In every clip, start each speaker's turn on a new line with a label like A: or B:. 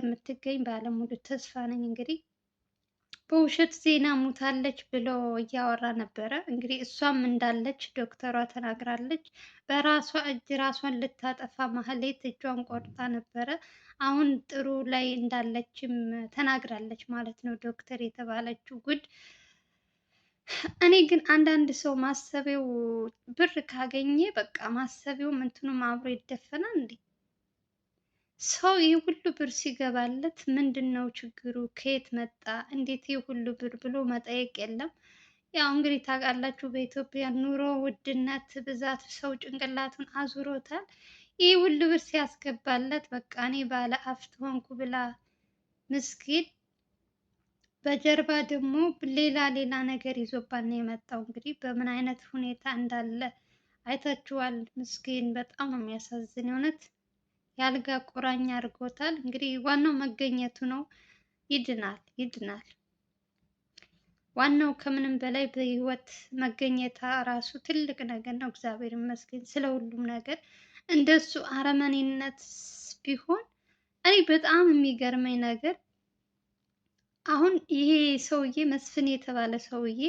A: እንደምትገኝ ባለሙሉ ተስፋ ነኝ። እንግዲህ በውሸት ዜና ሙታለች ብሎ እያወራ ነበረ። እንግዲህ እሷም እንዳለች ዶክተሯ ተናግራለች። በራሷ እጅ ራሷን ልታጠፋ ማህሌት እጇን ቆርጣ ነበረ። አሁን ጥሩ ላይ እንዳለችም ተናግራለች ማለት ነው ዶክተር የተባለችው ጉድ። እኔ ግን አንዳንድ ሰው ማሰቤው ብር ካገኘ በቃ ማሰቢያውም እንትኑም አብሮ ይደፈናል እንዴ? ሰው ይህ ሁሉ ብር ሲገባለት ምንድን ነው ችግሩ? ከየት መጣ? እንዴት ይህ ሁሉ ብር ብሎ መጠየቅ የለም። ያው እንግዲህ ታውቃላችሁ በኢትዮጵያ ኑሮ ውድነት ብዛት ሰው ጭንቅላቱን አዙሮታል። ይህ ሁሉ ብር ሲያስገባለት በቃ እኔ ባለ ሀብት ሆንኩ ብላ ምስኪን በጀርባ ደግሞ ሌላ ሌላ ነገር ይዞባት ነው የመጣው። እንግዲህ በምን አይነት ሁኔታ እንዳለ አይታችኋል። ምስኪን በጣም ነው የሚያሳዝን እውነት። የአልጋ ቁራኛ አድርጎታል። እንግዲህ ዋናው መገኘቱ ነው። ይድናል ይድናል። ዋናው ከምንም በላይ በህይወት መገኘት ራሱ ትልቅ ነገር ነው። እግዚአብሔር ይመስገን ስለ ሁሉም ነገር። እንደሱ አረመኔነት ቢሆን እኔ በጣም የሚገርመኝ ነገር አሁን ይሄ ሰውዬ መስፍን የተባለ ሰውዬ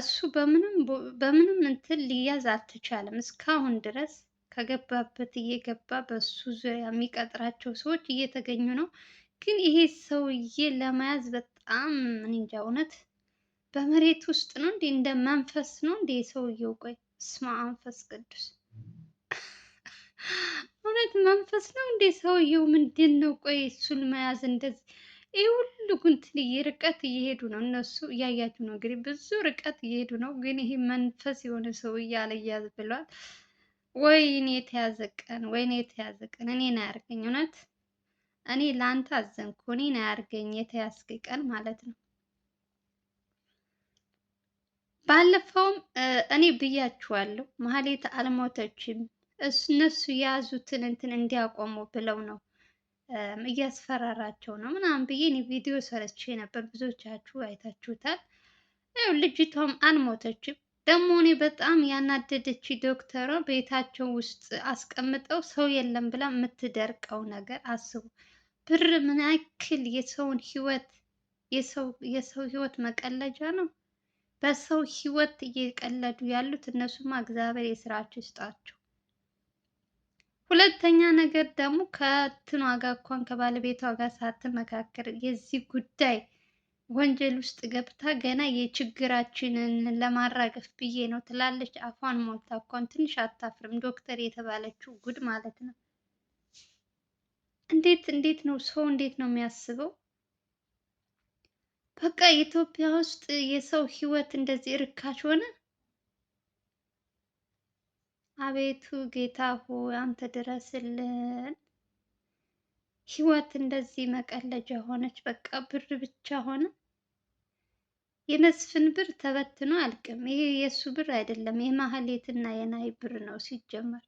A: እሱ በምንም በምንም እንትን ሊያዝ አልተቻለም እስካሁን ድረስ ከገባበት እየገባ በሱ ዙሪያ የሚቀጥራቸው ሰዎች እየተገኙ ነው። ግን ይሄ ሰውዬ ለመያዝ በጣም እንጃ እውነት በመሬት ውስጥ ነው እንዴ? እንደ መንፈስ ነው እንዴ ሰውየው? ቆይ እስማ መንፈስ ቅዱስ እውነት መንፈስ ነው እንዴ ሰውየው? ምንድን ነው? ቆይ እሱን መያዝ እንደዚህ ይህ ሁሉ ጉንትን ርቀት እየሄዱ ነው እነሱ እያያችሁ ነው እንግዲህ ብዙ ርቀት እየሄዱ ነው። ግን ይሄ መንፈስ የሆነ ሰው እያለ እያዝ ብሏል። ወይኔ የተያዘ ቀን ወይኔ የተያዘ ቀን እኔን አያርገኝ። እውነት እኔ ለአንተ አዘንኩ። እኔን አያርገኝ የተያዝክ ቀን ማለት ነው። ባለፈውም እኔ ብያችኋለሁ፣ ማህሌት አልሞተችም። እነሱ የያዙትን እንትን እንዲያቆሙ ብለው ነው እያስፈራራቸው ነው ምናምን ብዬ እኔ ቪዲዮ ሰርቼ ነበር። ብዙዎቻችሁ አይታችሁታል። ልጅቷም አልሞተችም። ደግሞ እኔ በጣም ያናደደች ዶክተሯ ቤታቸው ውስጥ አስቀምጠው ሰው የለም ብላ የምትደርቀው ነገር አስቡ። ብር ምን ያክል የሰውን ህይወት የሰው ህይወት መቀለጃ ነው። በሰው ህይወት እየቀለዱ ያሉት እነሱማ እግዚአብሔር የስራቸው ይስጣቸው። ሁለተኛ ነገር ደግሞ ከትኗ ጋር እንኳን ከባለቤቷ ጋር ሳትመካከር የዚህ ጉዳይ ወንጀል ውስጥ ገብታ ገና የችግራችንን ለማራገፍ ብዬ ነው ትላለች። አፏን ሞልታ እንኳን ትንሽ አታፍርም። ዶክተር የተባለችው ጉድ ማለት ነው። እንዴት እንዴት ነው ሰው እንዴት ነው የሚያስበው? በቃ ኢትዮጵያ ውስጥ የሰው ህይወት እንደዚህ ርካሽ ሆነ። አቤቱ ጌታ ሆይ አንተ ድረስልን። ህይወት እንደዚህ መቀለጃ ሆነች። በቃ ብር ብቻ ሆነ። የመስፍን ብር ተበትኖ አልቅም። ይሄ የእሱ ብር አይደለም፣ የማህሌትና የናይ ብር ነው ሲጀመር።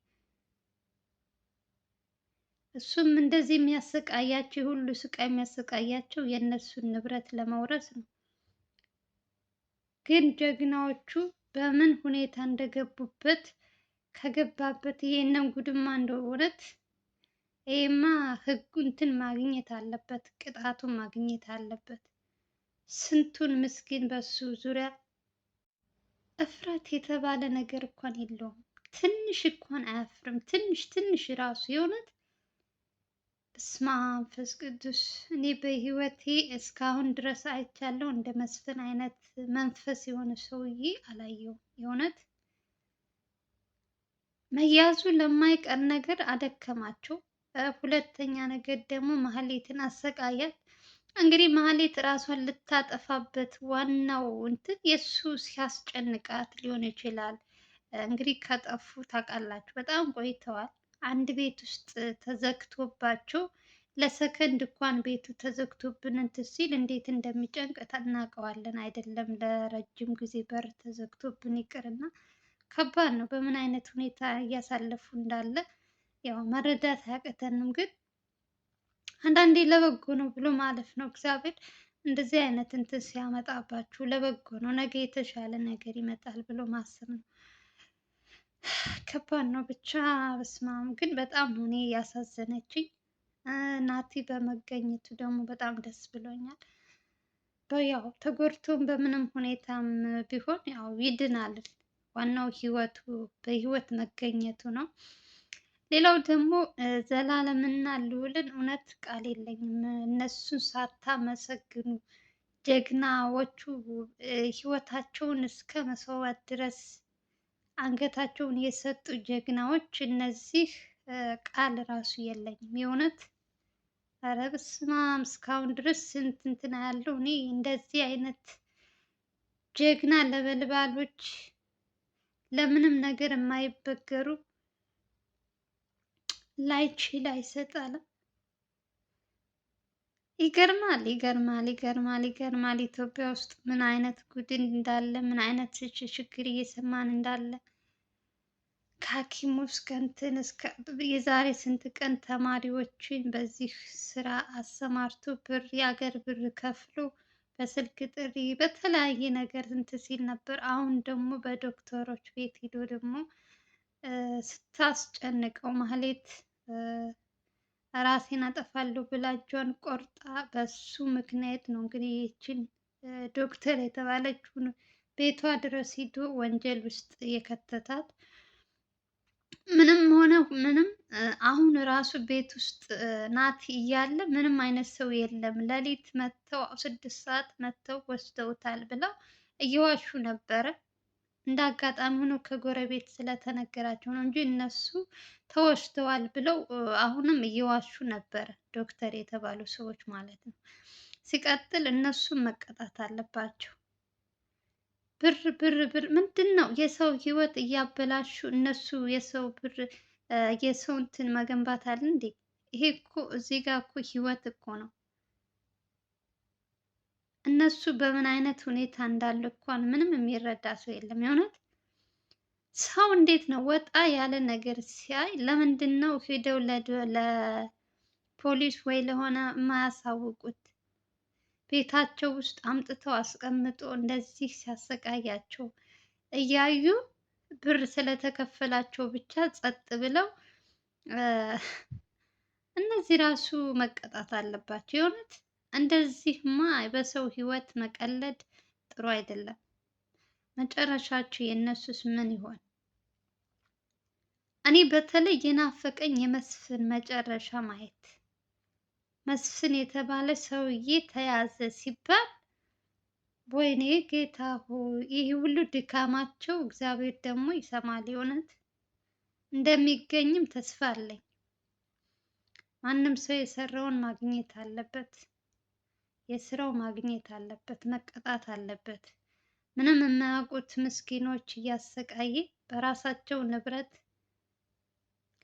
A: እሱም እንደዚህ የሚያሰቃያቸው ሁሉ ስቃይ የሚያሰቃያቸው የእነሱን ንብረት ለመውረስ ነው። ግን ጀግናዎቹ በምን ሁኔታ እንደገቡበት ከገባበት ይሄንን ጉድማ እንደው እውነት ይሄማ ህጉ እንትን ማግኘት አለበት፣ ቅጣቱን ማግኘት አለበት። ስንቱን ምስኪን በሱ ዙሪያ እፍረት የተባለ ነገር እንኳን የለውም። ትንሽ እንኳን አያፍርም። ትንሽ ትንሽ ራሱ የሆነት በስመ አብ መንፈስ ቅዱስ። እኔ በህይወቴ እስካሁን ድረስ አይቻለሁ እንደ መስፍን አይነት መንፈስ የሆነ ሰውዬ አላየውም። የእውነት መያዙ ለማይቀር ነገር አደከማቸው። ሁለተኛ ነገር ደግሞ ማህሌትን አሰቃያት። እንግዲህ ማህሌት ራሷን ልታጠፋበት ዋናው እንትን የእሱ ሲያስጨንቃት ሊሆን ይችላል። እንግዲህ ከጠፉ ታውቃላችሁ በጣም ቆይተዋል። አንድ ቤት ውስጥ ተዘግቶባቸው ለሰከንድ እንኳን ቤቱ ተዘግቶብን እንትን ሲል እንዴት እንደሚጨንቅ እናውቀዋለን አይደለም? ለረጅም ጊዜ በር ተዘግቶብን ይቅርና ከባድ ነው። በምን አይነት ሁኔታ እያሳለፉ እንዳለ ያው መረዳት አያቅተንም፣ ግን አንዳንዴ ለበጎ ነው ብሎ ማለፍ ነው። እግዚአብሔር እንደዚህ አይነት እንትን ሲያመጣባችሁ ለበጎ ነው፣ ነገ የተሻለ ነገር ይመጣል ብሎ ማሰብ ነው። ከባድ ነው ብቻ በስማም። ግን በጣም እኔ ያሳዘነችኝ ናቲ በመገኘቱ ደግሞ በጣም ደስ ብሎኛል። በያው ተጎድቶም በምንም ሁኔታም ቢሆን ያው ይድናል። ዋናው ህይወቱ በህይወት መገኘቱ ነው። ሌላው ደግሞ ዘላለምና ልዑልን እውነት ቃል የለኝም። እነሱን ሳታመሰግኑ ጀግናዎቹ ሕይወታቸውን እስከ መሰዋት ድረስ አንገታቸውን የሰጡ ጀግናዎች እነዚህ ቃል ራሱ የለኝም የእውነት ኧረ በስመ አብ እስካሁን ድረስ ስንት እንትን ያለው እኔ እንደዚህ አይነት ጀግና ለበልባሎች ለምንም ነገር የማይበገሩ ላይችል አይሰጠንም። ይገርማል ይገርማል ይገርማል ይገርማል። ኢትዮጵያ ውስጥ ምን አይነት ጉድን እንዳለ ምን አይነት ችግር እየሰማን እንዳለ ከሐኪሙ እስከ እንትን እስከ የዛሬ ስንት ቀን ተማሪዎችን በዚህ ስራ አሰማርቶ ብር የአገር ብር ከፍሎ በስልክ ጥሪ በተለያየ ነገር ስንት ሲል ነበር። አሁን ደግሞ በዶክተሮች ቤት ሄዶ ደግሞ ስታስጨንቀው ማህሌት ራሴን አጠፋለሁ ብላ እጇን ቆርጣ በሱ ምክንያት ነው እንግዲህ ይችን ዶክተር የተባለችውን ቤቷ ድረስ ሂዶ ወንጀል ውስጥ የከተታት። ምንም ሆነ ምንም አሁን ራሱ ቤት ውስጥ ናት እያለ ምንም አይነት ሰው የለም። ሌሊት መጥተው ስድስት ሰዓት መጥተው ወስደውታል ብለው እየዋሹ ነበረ። እንደ አጋጣሚ ሆኖ ከጎረቤት ስለተነገራቸው ነው እንጂ እነሱ ተወስደዋል ብለው አሁንም እየዋሹ ነበረ፣ ዶክተር የተባሉ ሰዎች ማለት ነው። ሲቀጥል እነሱም መቀጣት አለባቸው። ብር ብር ብር ምንድን ነው? የሰው ህይወት እያበላሹ እነሱ የሰው ብር የሰው እንትን መገንባት አለ እንዴ? ይሄ እኮ እዚህ ጋር እኮ ህይወት እኮ ነው። እነሱ በምን አይነት ሁኔታ እንዳሉ እንኳን ምንም የሚረዳ ሰው የለም። የእውነት ሰው እንዴት ነው ወጣ ያለ ነገር ሲያይ ለምንድን ነው ሄደው ለፖሊስ ወይ ለሆነ የማያሳውቁት? ቤታቸው ውስጥ አምጥተው አስቀምጦ እንደዚህ ሲያሰቃያቸው እያዩ ብር ስለተከፈላቸው ብቻ ጸጥ ብለው እነዚህ ራሱ መቀጣት አለባቸው የእውነት እንደዚህማ በሰው ህይወት መቀለድ ጥሩ አይደለም። መጨረሻቸው የእነሱስ ምን ይሆን? እኔ በተለይ የናፈቀኝ የመስፍን መጨረሻ ማየት። መስፍን የተባለ ሰውዬ ተያዘ ሲባል ወይኔ ጌታ ሆይ፣ ይህ ሁሉ ድካማቸው እግዚአብሔር ደግሞ ይሰማል። የእውነት እንደሚገኝም ተስፋ አለኝ። ማንም ሰው የሰራውን ማግኘት አለበት። የስራው ማግኘት አለበት፣ መቀጣት አለበት። ምንም የማያውቁት ምስኪኖች እያሰቃየ በራሳቸው ንብረት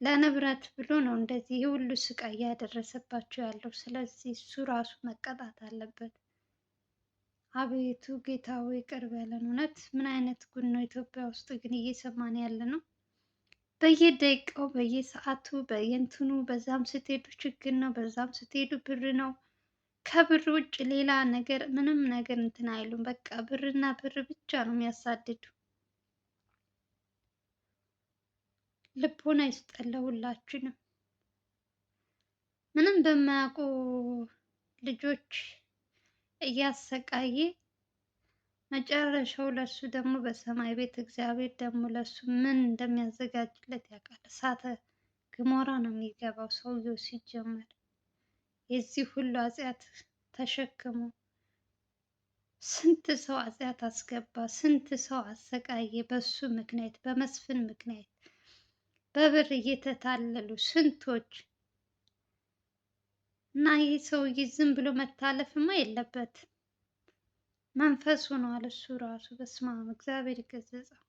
A: ለንብረት ብሎ ነው እንደዚህ ሁሉ ስቃይ እያደረሰባቸው ያለው። ስለዚህ እሱ ራሱ መቀጣት አለበት። አቤቱ ጌታዊ ቅርብ ያለን እውነት ምን አይነት ጉድ ነው ኢትዮጵያ ውስጥ ግን እየሰማን ያለ ነው። በየደቂቃው በየሰዓቱ በየንትኑ በዛም ስትሄዱ ችግር ነው፣ በዛም ስትሄዱ ብር ነው። ከብር ውጭ ሌላ ነገር ምንም ነገር እንትን አይሉም። በቃ ብርና ብር ብቻ ነው የሚያሳድዱ። ልቦና ይስጠን ምንም በማያውቁ ልጆች እያሰቃየ መጨረሻው ለሱ ደግሞ በሰማይ ቤት እግዚአብሔር ደግሞ ለሱ ምን እንደሚያዘጋጅለት ያውቃል። እሳተ ግሞራ ነው የሚገባው ሰውየው ሲጀመር። የዚህ ሁሉ ኃጢአት ተሸክሞ ስንት ሰው ኃጢአት አስገባ፣ ስንት ሰው አሰቃየ። በሱ ምክንያት በመስፍን ምክንያት በብር እየተታለሉ ስንቶች እና ይህ ሰውዬ ዝም ብሎ መታለፍማ የለበት መንፈሱ ነው አለ እሱ ራሱ በስመ አብ እግዚአብሔር ይገሰጸው።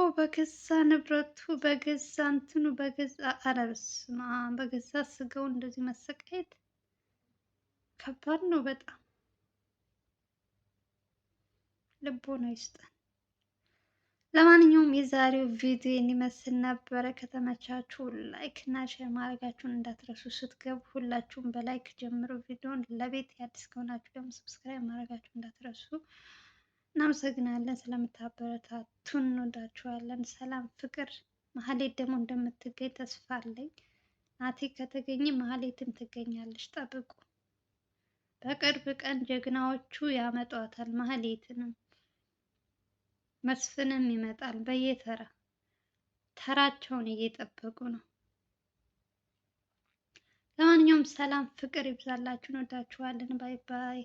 A: ሰው በገዛ ንብረቱ በገዛ እንትኑ በገዛ ኧረ በስመ አብ በገዛ ስጋው እንደዚህ መሰቃየት ከባድ ነው በጣም። ልቦና ይስጠን። ለማንኛውም የዛሬው ቪዲዮ የሚመስል ነበረ። ከተመቻችሁ ላይክ እና ሼር ማድረጋችሁን እንዳትረሱ። ስትገቡ ሁላችሁም በላይክ ጀምሮ ቪዲዮን ለቤት የአዲስ ከሆናችሁ ደግሞ ሰብስክራይብ ማድረጋችሁ እንዳትረሱ። እናመሰግናለን ስለምታበረታቱን፣ እንወዳችኋለን። ሰላም ፍቅር። መሀሌት ደግሞ እንደምትገኝ ተስፋ አለኝ። ናቲ ከተገኘ መሀሌትም ትገኛለች፣ ጠብቁ። በቅርብ ቀን ጀግናዎቹ ያመጧታል። መሀሌትንም መስፍንም ይመጣል። በየተራ ተራቸውን እየጠበቁ ነው። ለማንኛውም ሰላም ፍቅር ይብዛላችሁ። እንወዳችኋለን። ባይ ባይ።